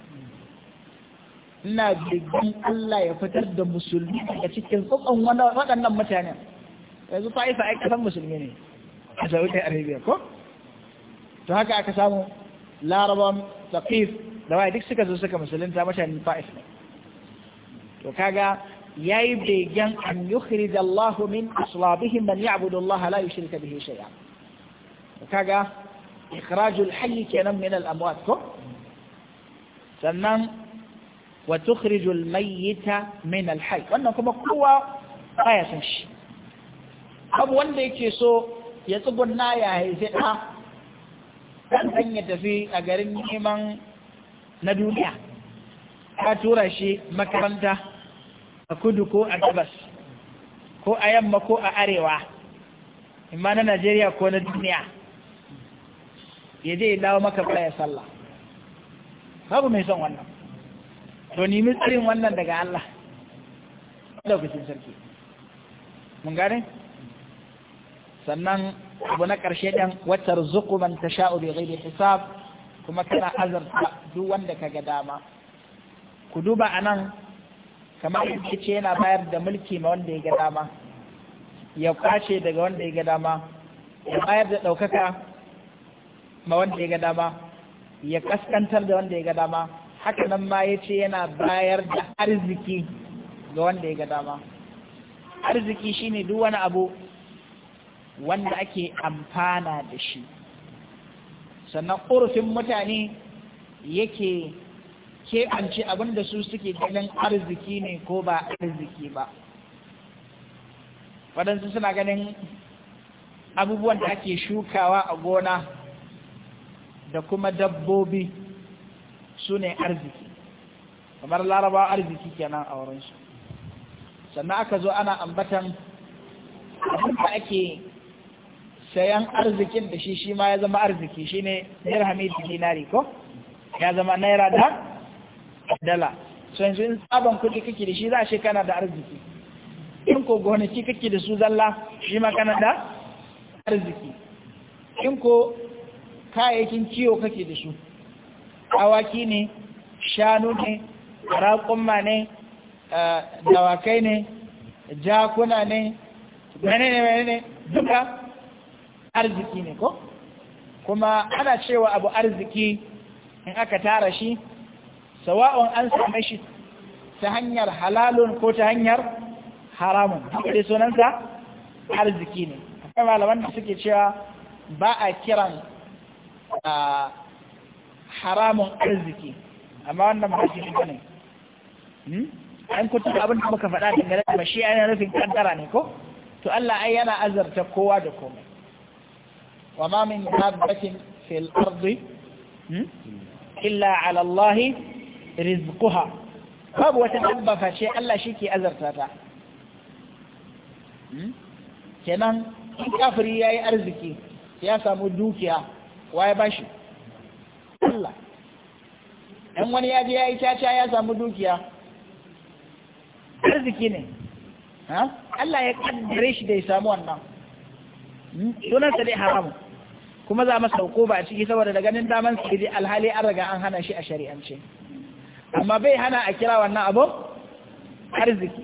Speaker 1: ina bigin Allah ya fitar da musulmi a cikin tsotson waɗannan mutanen yanzu ta'ifa ai kasan musulmi ne a saudi arabia ko to haka aka samu laraban taqif da waye duk suka zo suka musulunta mutanen faif ne to kaga yayi begen an yukhrij Allah min aslabihim man ya'budu Allah la yushrika bihi shay'a kaga ikhrajul hayy kenan min al amwat ko sannan wa tukhrijul mayyita min al hayy wannan kuma kowa baya san shi abu wanda yake so ya tsugunna ya haife ɗa dan dan ya tafi a garin neman na duniya ka tura shi makaranta a kudu ko a gabas ko a yamma ko a arewa imma na Najeriya ko na duniya ya je ya dawo maka baya sallah babu mai son wannan to nemi tsarin wannan daga Allah lokacin sarki mun gane sannan abu na ƙarshe ɗin wata rizuku man ta sha'u bai hisab kuma kana azarta duk wanda ka ga dama ku duba a nan kamar yadda ce yana bayar da mulki ma wanda ya ga dama ya kwace daga wanda ya ga dama ya bayar da ɗaukaka ma wanda ya ga dama ya kaskantar da wanda ya ga dama haka nan ma ya ce yana bayar da arziki ga wanda ya ga dama arziki shine duk wani abu wanda ake amfana da shi sannan ƙorafin mutane yake keɓance abin da su suke ganin arziki ne ko ba arziki ba waɗansu suna ganin abubuwan da ake shukawa a gona da kuma dabbobi su ne arziki kamar larabawa arziki kenan a wurin shi sannan aka zo ana ambatan da ake sayan arzikin da shi shi ma ya zama arziki shi ne dirhami da dinari ko ya zama naira da dala so yanzu in tsaban kuɗi kake da shi za a ce kana da arziki in ko gonaki kake da su zalla shi ma kana da arziki in ko kayayyakin kiwo kake da su awaki ne shanu ne raƙumma ne dawakai ne jakuna ne menene menene duka arziki ne ko kuma ana cewa abu arziki in aka tara shi sawa'un an same shi ta hanyar halalun ko ta hanyar haramun dai sunansa arziki ne akwai malaman da suke cewa ba a kiran haramun arziki amma wannan mahajjin ba ne hmm? an kutu abin da muka faɗa dangane da mashi yana rufin kaddara ne ko to Allah ai yana azarta kowa da komai wa ma min dabbatin fil ardi hmm? illa ala Allah rizquha babu wata dabba face Allah shike azarta ta hmm? kenan in kafiri yayi arziki ya samu dukiya waye bashi Allah in wani ya je ya yi caca ya samu dukiya arziki ne Allah ya kaddare shi da ya samu wannan Sunan hmm? sunansa dai haramu kuma za masa ba a ciki saboda da ganin daman su ji alhali an riga an hana shi a shari'ance amma bai hana a kira wannan abu arziki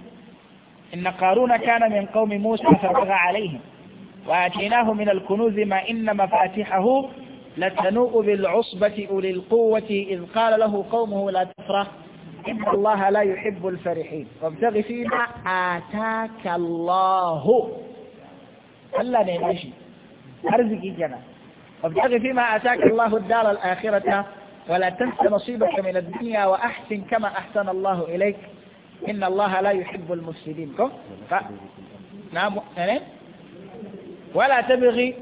Speaker 1: inna qaruna kana min qaumi musa fa baga alaihim wa atainahu min al-kunuz ma inna mafatihahu لتنوء بالعصبة أولي القوة إذ قال له قومه لا تفرح إن الله لا يحب الفرحين وابتغ فيما آتاك الله ألا نعيشي أرزقي جنة وابتغ فيما آتاك الله الدار الآخرة ولا تنس نصيبك من الدنيا وأحسن كما أحسن الله إليك إن الله لا يحب المفسدين ف... نعم ولا تبغي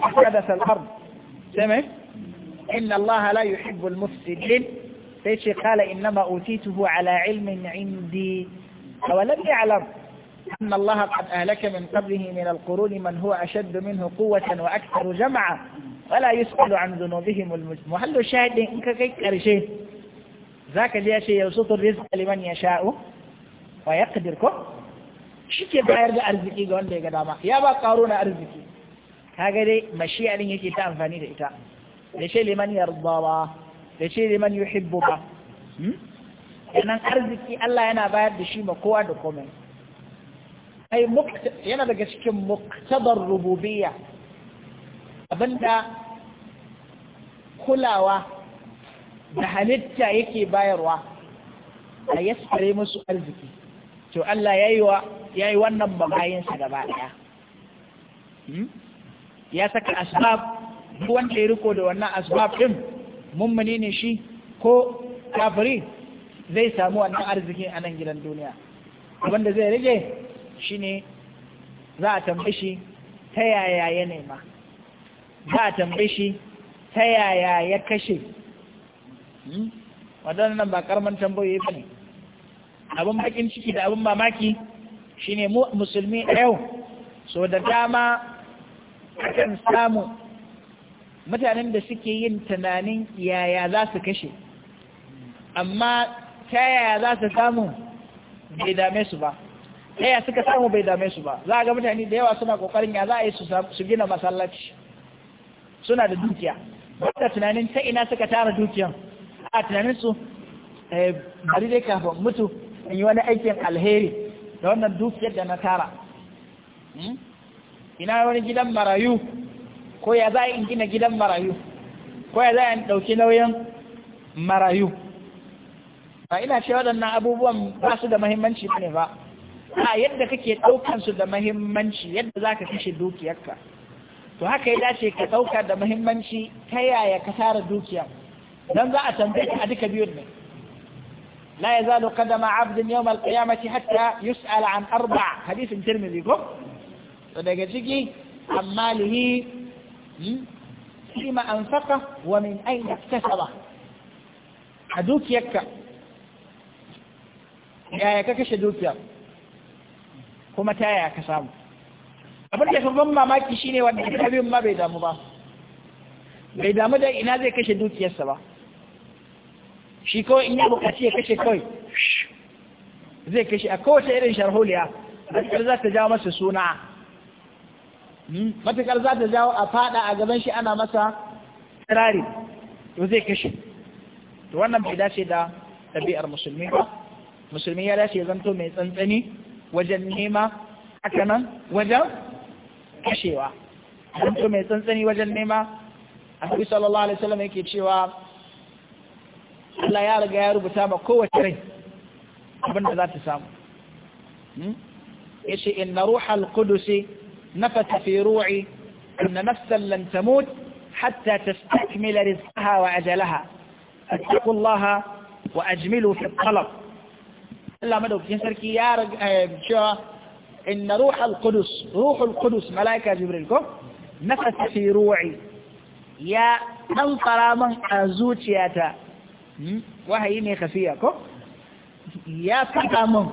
Speaker 1: حدث الأرض سمعت إن الله لا يحب المفسدين فيش قال إنما أوتيته على علم عندي أولم يعلم أن الله قد أهلك من قبله من القرون من هو أشد منه قوة وأكثر جمعا ولا يسأل عن ذنوبهم المجمع هل شاهد إنك كيك أرشيه ذاك شيء يوسط الرزق لمن يشاء ويقدركم شكي باير ده أرزكي قول لي قداما يا با قارون أرزكي kaga dai mashi'a din yake ta amfani da ita da ce liman yarda ba da ce liman yuhibbu ba sannan hmm? arziki Allah yana bayar da shi ma kowa da komai ai yana daga cikin muktabar rububiyya abinda kulawa da halitta yake bayarwa a yaskare musu arziki to Allah ya yi wannan mabayinsa gaba ɗaya hmm? ya saka asbab duk wanda ya riko da wannan asbab ɗin, mummuni ne shi ko kafiri zai samu wannan arziki a nan gidan duniya wanda zai rage shine za a tambaye shi ta yaya ya nema za a tambaye shi ta yaya ya kashe hmm? waɗannan ba karman tambayoyi ba ne abin bakin ciki da abin mamaki shine ne musulmi a yau so da dama akan samu mutanen da suke yin tunanin yaya za su kashe amma ta yaya za su samu bai dame su ba yaya suka samu bai dame su ba za a ga mutane da yawa suna kokarin ya za a yi su gina masallaci suna da dukiya wadda tunanin ta ina suka tara dukiyan a tunanin su eh, bari dai kafin mutu in yi wani aikin alheri da wannan dukiyar da na tara hmm? ina wani gidan marayu ko ya za in gina gidan marayu ko ya za in ɗauki nauyin marayu ba ina ce waɗannan abubuwan ba su da mahimmanci ne ba a yadda kake su da mahimmanci yadda za ka kashe dukiyarka to haka ya dace ka ɗauka da mahimmanci ta yaya ka tara dukiya don za a tambaye a duka biyun ne la ya zalo kadama abdin yau mal kiyamati hatta yus'ala an arba hadisin tirmidhi ko to daga ciki amma lihi lima hmm, an saka wa min aina kasaba a dukiyarka yaya ka kashe dukiya? kuma ta yaya ka samu abin da ban mamaki shine wanda ita abin ma bai damu ba bai damu da ina zai kashe dukiyarsa ba shi kawai in ya bukaci ya kashe kawai zai kashe a kowace irin sharholiya da za ta jawo masa suna matakar za ta jawo a fada a gaban shi ana masa kirari to zai kashe to wannan bai dace da ɗabi'ar musulmi ba musulmi ya dace zanto mai tsantsani wajen nema haka nan wajen kashewa zanto mai tsantsani wajen nema A annabi sallallahu alaihi wasallam yake cewa Allah ya riga ya rubuta ma kowace rai abin za ta samu hmm? yace inna ruhal qudusi نفس في روعي أن نفسا لن تموت حتى تستكمل رزقها وأجلها اتقوا الله وأجملوا في الطلب الله مدوك ينسركي يا رج... آه، شو إن روح القدس روح القدس ملائكة جبريلكم نفس في روعي يا أنصر من أزوتياتا خفية خفيكم يا من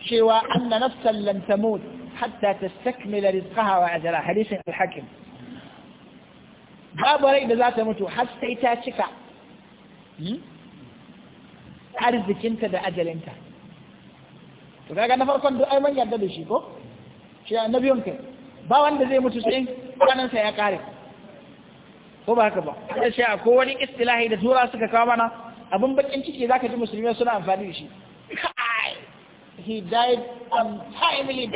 Speaker 1: شوى أن نفسا لن تموت حتى تستكمل رزقها وعجلها حديث الحكم باب ولي بذا تموتوا حتى يتاشك أرزك انت بأجل انت فكذا نفر كنت أي من يدد شيكو شيء النبي يمكن باب أن بذي متسعين كان سيقارب هو بها كبا هذا شيء أكواني استلاحي لتورا سككامنا أبن بكين تكي ذاك المسلمين سنة أنفاني بشي <laughs> He died untimely.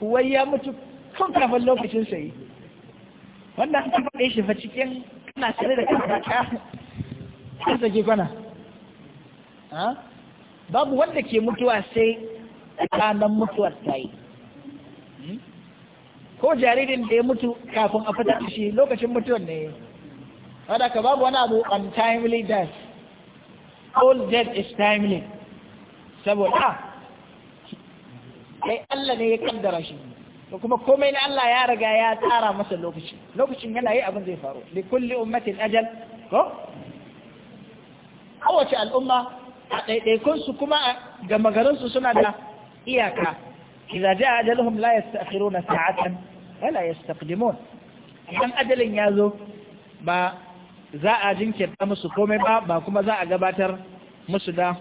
Speaker 1: wai ya mutu kan kafin lokacin sai wanda an faɗe shi fa cikin kana tare da kanka ka kan sake kwana babu wanda ke mutuwa sai ranar mutuwar ta yi hmm? ko jaririn da ya mutu kafin a fita shi lokacin mutuwar ne wadda ka babu wani abu untimely death all death is timely saboda kai Allah ne ya kaddara shi to kuma komai na Allah ya riga ya tsara masa lokaci lokacin yana yi abin zai faru li kulli ummatin ajal ko kowace al'umma a ɗaiɗaikun su kuma ga magarin su suna da iyaka idza jaa ajaluhum la yasta'khiruna sa'atan wa la yastaqdimun idan ajalin ya zo ba za a jinkirta musu komai ba ba kuma za a gabatar musu da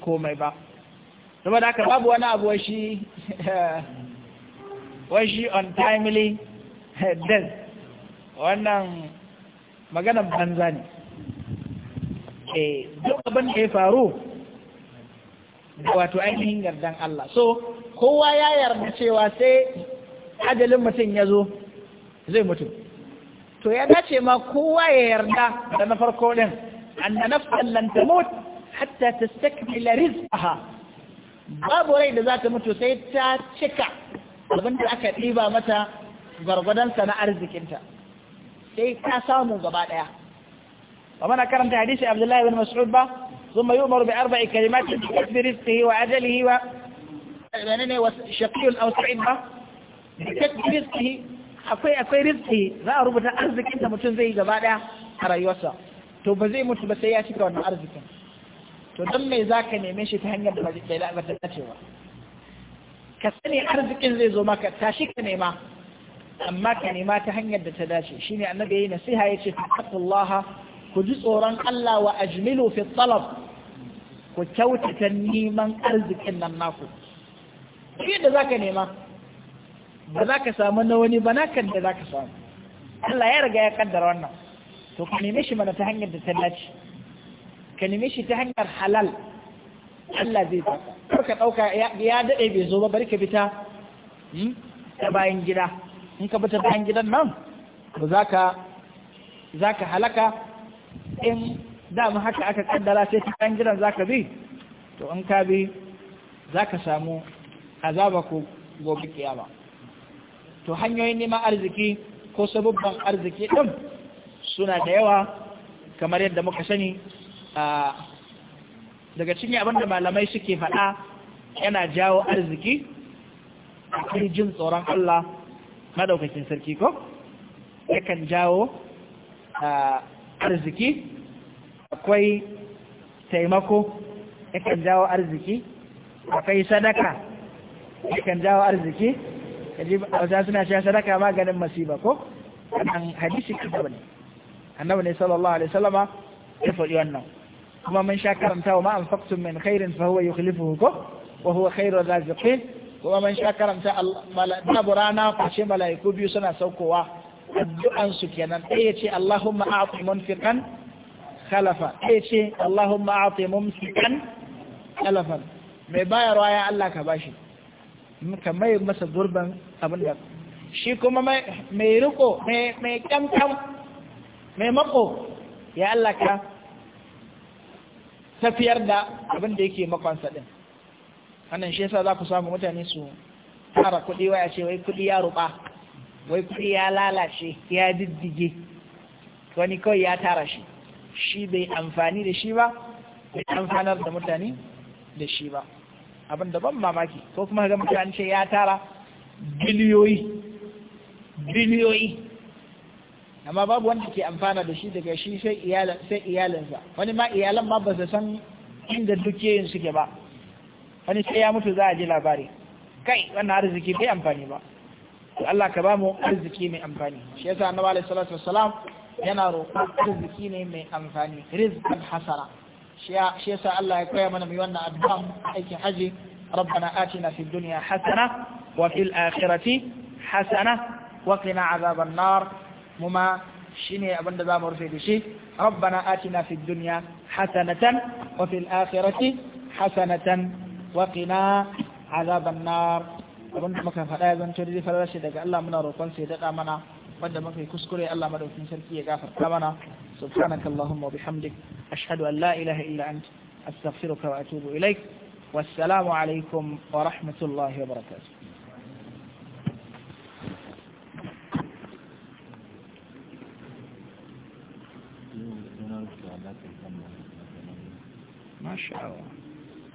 Speaker 1: komai ba saboda haka babu wani abu washi washi untimely death wannan maganan banza ne eh, duk abin da ya faru wato ainihin gardan Allah so kowa ya yarda cewa sai ajalin mutum ya zo zai mutu to ya dace ma kowa ya yarda da na farko din anna nafsan lan tamut hatta tastakmila rizqaha babu rai da za ta mutu sai ta cika abinda aka ɗiba mata gwargwadonsa na arzikinta sai ta samu gaba ɗaya ba mana karanta hadisi abdullahi bin mas'ud ba sun ثم يؤمر بأربع كلمات بكسب wa وعجله ne شقي أو سعيد ba بكسب رزقه akwai akwai rizki za a rubuta arzikinta mutum zai gaba ɗaya a rayuwarsa to ba zai mutu ba sai ya cika wannan arzikin to don mai za ka neme shi ta hanyar da bai la'abar da ba ka sani arzikin zai zo maka tashi ka nema amma ka nema ta hanyar da ta dace shine annabi yayi nasiha yace taqullaha ku ji tsoron Allah wa ajmilu fi talab ku kyautata neman arzikin nan naku shi da zaka nema ba za ka samu na wani ba nakan da za ka samu Allah ya riga ya kaddara wannan to ka neme shi mana ta hanyar da ta dace ka neme shi ta hanyar halal Allah zai ba kar ka ɗauka ya daɗe bai zo ba bari ka fita hmm, ta bayan gida in ka fita bayan gidan nan ba za ka za halaka in dama haka aka kaddara sai ta bayan gidan za ka bi to in ka bi za ka samu azaba ko gobe kiyama to hanyoyin neman arziki ko sabubban arziki ɗin suna da yawa kamar yadda muka sani daga cikin abin da malamai suke faɗa yana jawo arziki a kan jin tsoron Allah madaukakin sarki ko yakan jawo arziki akwai taimako yakan jawo arziki akwai sadaka yakan jawo arziki wajen suna shi sadaka maganin masiba ko wannan hadisi kan ne annabi ne sallallahu alaihi wasallama ya faɗi wannan kuma man sha karanta wa ma'an faktun min khairin fa huwa yukhlifuhu ko wa huwa khairur raziqin kuma mun sha karanta babu rana fashe mala'iku biyu suna saukowa addu'an su kenan ɗaya ce Allahumma a'ti munfiqan khalafa ɗaya ce Allahumma a'ti mumsikan khalafan mai bayarwa ya Allah ka bashi ka mai masa durban abin da shi kuma mai riko mai kyankyan mai mako ya Allah ka tafiyar da abin da yake makonsa din wannan shi yasa za ku samu mutane su tara kuɗi waya ce wai kuɗi ya ruɓa wai kuɗi ya lalace ya diddige wani kawai ya tara shi shi bai amfani da shi ba bai amfanar da mutane da shi ba abin da ban mamaki ko kuma ga mutane ce ya tara biliyoyi biliyoyi amma babu wanda ke amfana da shi daga shi sai iyalan sai iyalansa wani ma iyalan ma ba su san inda dukiyoyin suke ba wani sai ya mutu za a ji labari kai wannan arziki bai amfani ba to Allah ka ba mu arziki mai amfani shi yasa annabi alaihi salatu wassalam yana roƙo arziki ne mai amfani rizqan hasara shi yasa Allah ya koya mana mai wannan addu'a aikin haji ربنا آتنا hasana الدنيا حسنة وفي hasana حسنة وقنا عذاب النار مما شيني أبن دبام ورفيد شي ربنا آتنا في الدنيا حسنة وفي الآخرة حسنة وقنا عذاب النار أبن حمك فلا يزن تريد فلا شدك الله من رفن سيدك أمنا وانا مكي كسكري الله مدوك من شركي كافر أمنا سبحانك اللهم وبحمدك أشهد أن لا إله إلا أنت أستغفرك وأتوب إليك والسلام عليكم ورحمة الله وبركاته
Speaker 3: ba ta kama masu ma sha'awa